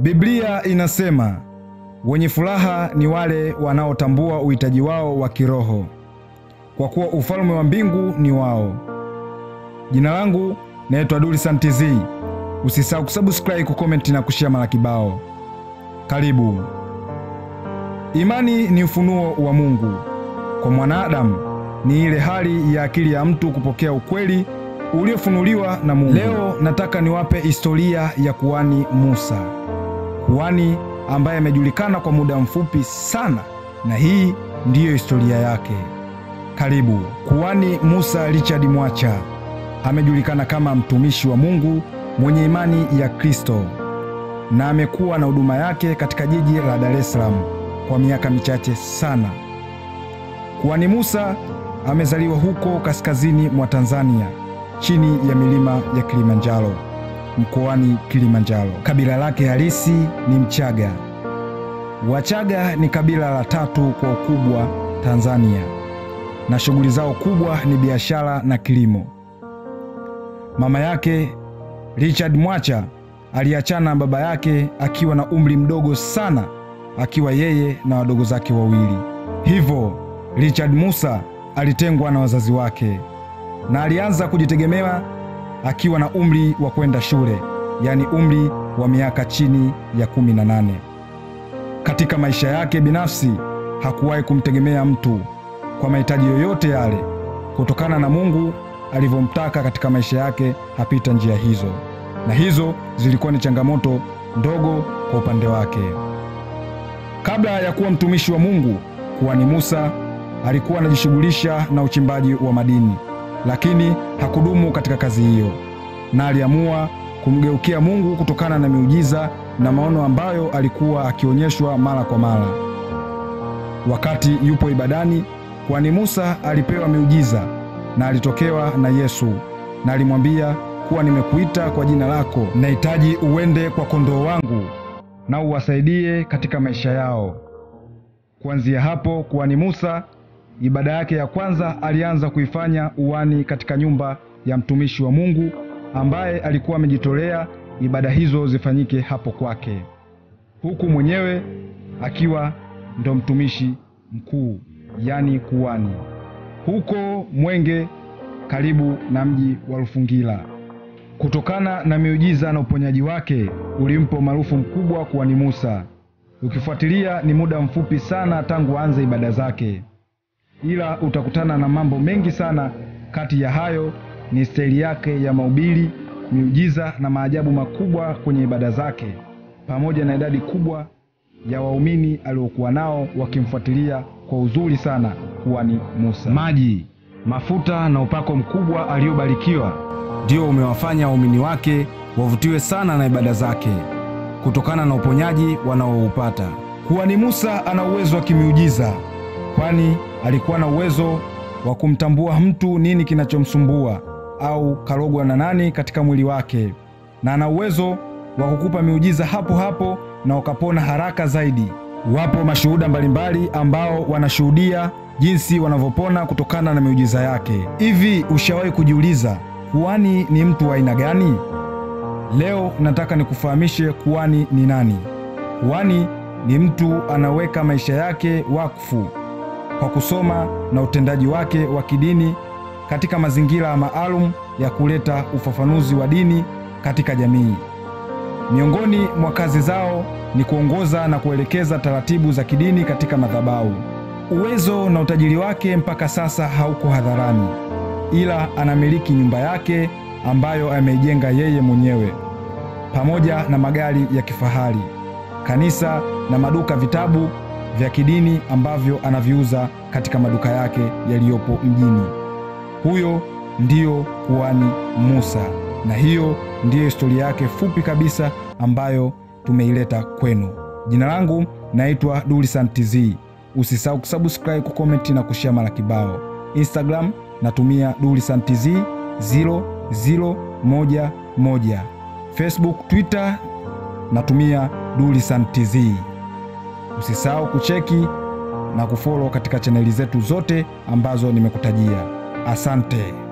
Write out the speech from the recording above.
Biblia inasema wenye furaha ni wale wanaotambua uhitaji wao wa kiroho, kwa kuwa ufalme wa mbingu ni wao. Jina langu naitwa Duli Santizi. Usisahau kusubscribe, kukomenti na kushia mara kibao. Karibu. Imani ni ufunuo wa Mungu kwa mwanadamu, ni ile hali ya akili ya mtu kupokea ukweli uliofunuliwa na Mungu. Leo nataka niwape historia ya kuhani Musa. Wani ambaye amejulikana kwa muda mfupi sana, na hii ndiyo historia yake. Karibu. Kuhani Musa Richard Mwacha amejulikana kama mtumishi wa Mungu mwenye imani ya Kristo na amekuwa na huduma yake katika jiji la Dar es Salaam kwa miaka michache sana. Kuhani Musa amezaliwa huko kaskazini mwa Tanzania chini ya milima ya Kilimanjaro mkoani Kilimanjaro. Kabila lake halisi ni Mchaga. Wachaga ni kabila la tatu kwa ukubwa Tanzania, na shughuli zao kubwa ni biashara na kilimo. Mama yake Richard Mwacha aliachana na baba yake akiwa na umri mdogo sana, akiwa yeye na wadogo zake wawili. Hivyo Richard Musa alitengwa na wazazi wake na alianza kujitegemea akiwa na umri wa kwenda shule, yaani umri wa miaka chini ya kumi na nane. Katika maisha yake binafsi hakuwahi kumtegemea mtu kwa mahitaji yoyote yale, kutokana na Mungu alivyomtaka katika maisha yake. Hapita njia hizo, na hizo zilikuwa ni changamoto ndogo kwa upande wake. Kabla ya kuwa mtumishi wa Mungu, kuhani Musa alikuwa anajishughulisha na uchimbaji wa madini lakini hakudumu katika kazi hiyo, na aliamua kumgeukia Mungu kutokana na miujiza na maono ambayo alikuwa akionyeshwa mara kwa mara wakati yupo ibadani, kwani Musa alipewa miujiza na alitokewa na Yesu na alimwambia kuwa nimekuita kwa jina lako, nahitaji uende kwa kondoo wangu na uwasaidie katika maisha yao. Kuanzia hapo, kuhani Musa Ibada yake ya kwanza alianza kuifanya uwani katika nyumba ya mtumishi wa Mungu ambaye alikuwa amejitolea ibada hizo zifanyike hapo kwake, huku mwenyewe akiwa ndo mtumishi mkuu, yani kuwani, huko Mwenge karibu na mji wa Lufungila. Kutokana na miujiza na uponyaji wake ulimpa umaarufu mkubwa kuwani Musa. Ukifuatilia ni muda mfupi sana tangu aanze ibada zake ila utakutana na mambo mengi sana. Kati ya hayo ni staili yake ya mahubiri, miujiza na maajabu makubwa kwenye ibada zake, pamoja na idadi kubwa ya waumini aliokuwa nao wakimfuatilia kwa uzuri sana kuhani Musa. Maji, mafuta na upako mkubwa aliobarikiwa ndio umewafanya waumini wake wavutiwe sana na ibada zake kutokana na uponyaji wanaoupata. Kuhani Musa ana uwezo wa kimiujiza kwani alikuwa na uwezo wa kumtambua mtu nini kinachomsumbua au karogwa na nani katika mwili wake, na ana uwezo wa kukupa miujiza hapo hapo na ukapona haraka zaidi. Wapo mashuhuda mbalimbali ambao wanashuhudia jinsi wanavyopona kutokana na miujiza yake. Hivi ushawahi kujiuliza kuhani ni mtu wa aina gani? Leo nataka nikufahamishe kuhani ni nani. Kuhani ni mtu anaweka maisha yake wakfu kwa kusoma na utendaji wake wa kidini katika mazingira maalum ya kuleta ufafanuzi wa dini katika jamii. Miongoni mwa kazi zao ni kuongoza na kuelekeza taratibu za kidini katika madhabahu. Uwezo na utajiri wake mpaka sasa hauko hadharani, ila anamiliki nyumba yake ambayo ameijenga yeye mwenyewe pamoja na magari ya kifahari, kanisa na maduka vitabu vya kidini ambavyo anaviuza katika maduka yake yaliyopo mjini. Huyo ndiyo kuhani Musa, na hiyo ndiyo historia yake fupi kabisa ambayo tumeileta kwenu. Jina langu naitwa Dulisan TZ. Usisahau kusubscribe, kukomenti na kushare mara kibao. Instagram natumia Dulisan TZ 0011. Facebook, Twitter natumia Dulisan TZ. Usisahau kucheki na kufollow katika chaneli zetu zote ambazo nimekutajia. Asante.